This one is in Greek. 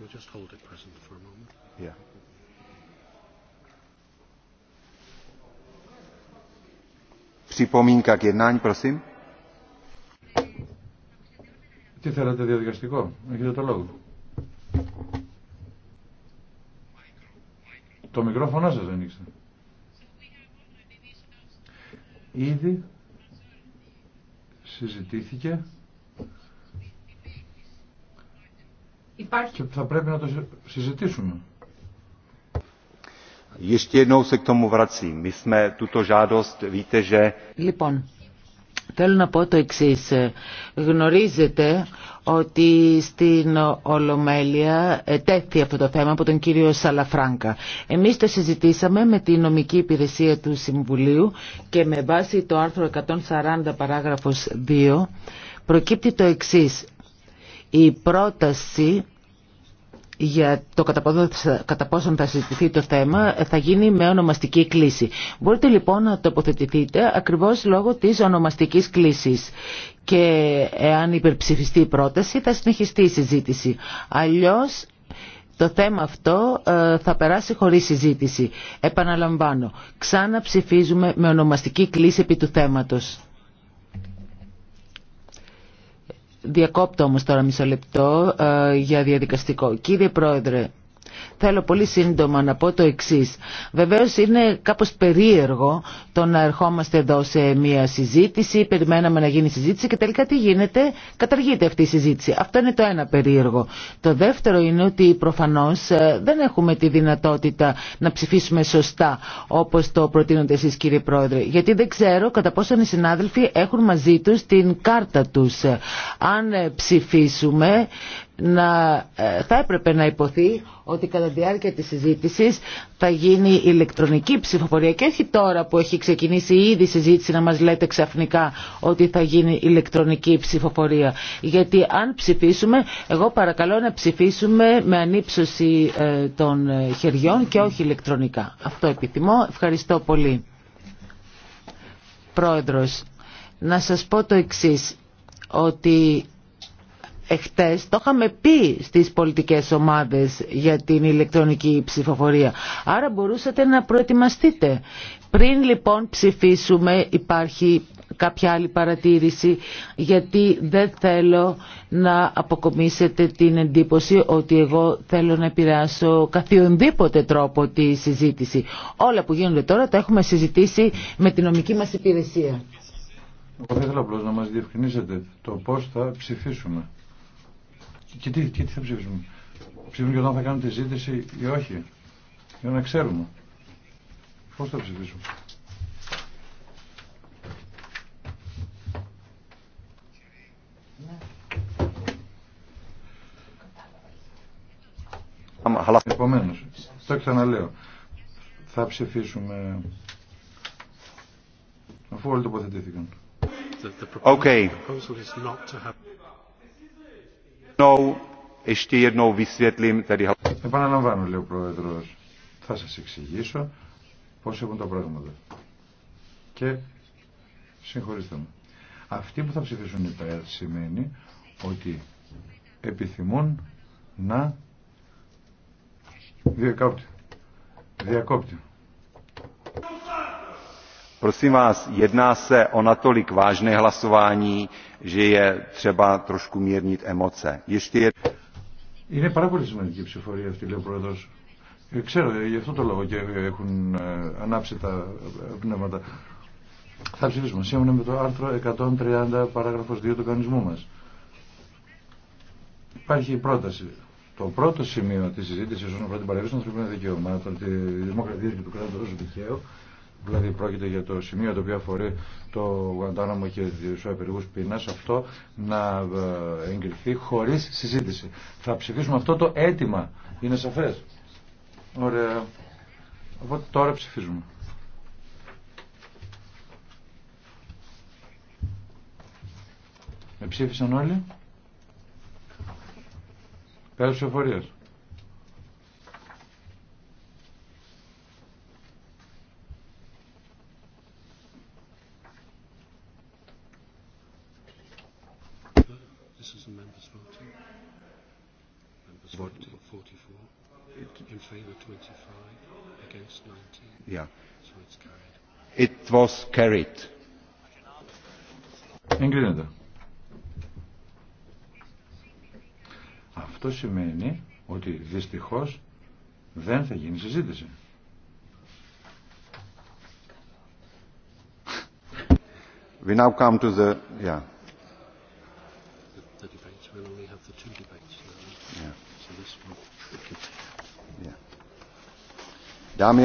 We'll just hold it present for a moment. Yeah. Připomínka k jednání, prosím. Τι θέλατε διαδικαστικό, έχετε το λόγο. Το μικρόφωνο σας δεν ήξερα. Ήδη συζητήθηκε Και θα πρέπει να το συζητήσουμε. Λοιπόν, θέλω να πω το εξή. Γνωρίζετε ότι στην Ολομέλεια τέθη αυτό το θέμα από τον κύριο Σαλαφράγκα. Εμείς το συζητήσαμε με την νομική υπηρεσία του Συμβουλίου και με βάση το άρθρο 140 παράγραφος 2 προκύπτει το εξής. Η πρόταση για το κατά πόσον θα συζητηθεί το θέμα ε, θα γίνει με ονομαστική κλίση. Μπορείτε λοιπόν να τοποθετηθείτε ακριβώς λόγω της ονομαστικής κλίσης και εάν υπερψηφιστεί η πρόταση θα συνεχιστεί η συζήτηση. Αλλιώς το θέμα αυτό ε, θα περάσει χωρίς συζήτηση. Επαναλαμβάνω, ξαναψηφίζουμε με ονομαστική κλίση επί του θέματος. Διακόπτω όμως τώρα μισό λεπτό ε, για διαδικαστικό. Κύριε Πρόεδρε, Θέλω πολύ σύντομα να πω το εξή. Βεβαίω είναι κάπω περίεργο το να ερχόμαστε εδώ σε μία συζήτηση, περιμέναμε να γίνει συζήτηση και τελικά τι γίνεται, καταργείται αυτή η συζήτηση. Αυτό είναι το ένα περίεργο. Το δεύτερο είναι ότι προφανώ ε, δεν έχουμε τη δυνατότητα να ψηφίσουμε σωστά όπω το προτείνονται εσεί κύριε Πρόεδρε. Γιατί δεν ξέρω κατά πόσο οι συνάδελφοι έχουν μαζί του την κάρτα του. Αν ε, ψηφίσουμε να, ε, θα έπρεπε να υποθεί ότι κατά τη διάρκεια της συζήτησης θα γίνει ηλεκτρονική ψηφοφορία και όχι τώρα που έχει ξεκινήσει ήδη η συζήτηση να μας λέτε ξαφνικά ότι θα γίνει ηλεκτρονική ψηφοφορία. Γιατί αν ψηφίσουμε, εγώ παρακαλώ να ψηφίσουμε με ανύψωση ε, των ε, χεριών και όχι ηλεκτρονικά. Αυτό επιθυμώ. Ευχαριστώ πολύ. Πρόεδρος, να σας πω το εξής, ότι Εχθές το είχαμε πει στις πολιτικές ομάδες για την ηλεκτρονική ψηφοφορία. Άρα μπορούσατε να προετοιμαστείτε. Πριν λοιπόν ψηφίσουμε υπάρχει κάποια άλλη παρατήρηση γιατί δεν θέλω να αποκομίσετε την εντύπωση ότι εγώ θέλω να επηρεάσω καθιονδήποτε τρόπο τη συζήτηση. Όλα που γίνονται τώρα τα έχουμε συζητήσει με την νομική μας υπηρεσία. Εγώ θα ήθελα απλώς να μας διευκρινίσετε το πώς θα ψηφίσουμε. Και τι, θα ψηφίσουμε. Ψηφίσουμε και όταν θα κάνουμε τη ζήτηση ή όχι. Για να ξέρουμε. Πώς θα ψηφίσουμε. Επομένω, το ξαναλέω. Θα ψηφίσουμε αφού όλοι τοποθετήθηκαν. Okay. Επαναλαμβάνω, λέει ο Πρόεδρος, θα σας εξηγήσω πώς έχουν τα πράγματα. Και συγχωρήστε με. Αυτοί που θα ψηφίσουν υπέρ σημαίνει ότι επιθυμούν να διακόπτει. Διακόπτει prosím vás jedná se o natolik vážné hlasování že je třeba trošku mírnit emoce. ještě Είναι πάρα πολύ σημαντική η ψηφορία αυτή, λέει ο Πρόεδρο. Ε, ξέρω, ε, γι' αυτό το λόγο και ε, έχουν ανάψει τα πνεύματα. Θα ψηφίσουμε σύμφωνα με το άρθρο 130 παράγραφος 2 του κανονισμού μας. Υπάρχει η πρόταση. Το πρώτο σημείο της συζήτησης όσον αφορά την παραγωγή των ανθρωπίνων δικαιωμάτων, τη δημοκρατία και του κράτου δικαίου, δηλαδή πρόκειται για το σημείο το οποίο αφορεί το Γουαντάναμο και του απεργού πείνα, αυτό να ε, εγκριθεί χωρί συζήτηση. Θα ψηφίσουμε αυτό το αίτημα. Είναι σαφέ. Ωραία. Οπότε τώρα ψηφίζουμε. Με ψήφισαν όλοι. Πέρασε ο the members voting? Members voting 44. In favour 25. Against 19. Yeah. So it's carried. It was carried. Εγκρίνεται. Αυτό σημαίνει ότι δυστυχώς δεν θα γίνει συζήτηση. We now come to the... Yeah. Yeah. So this one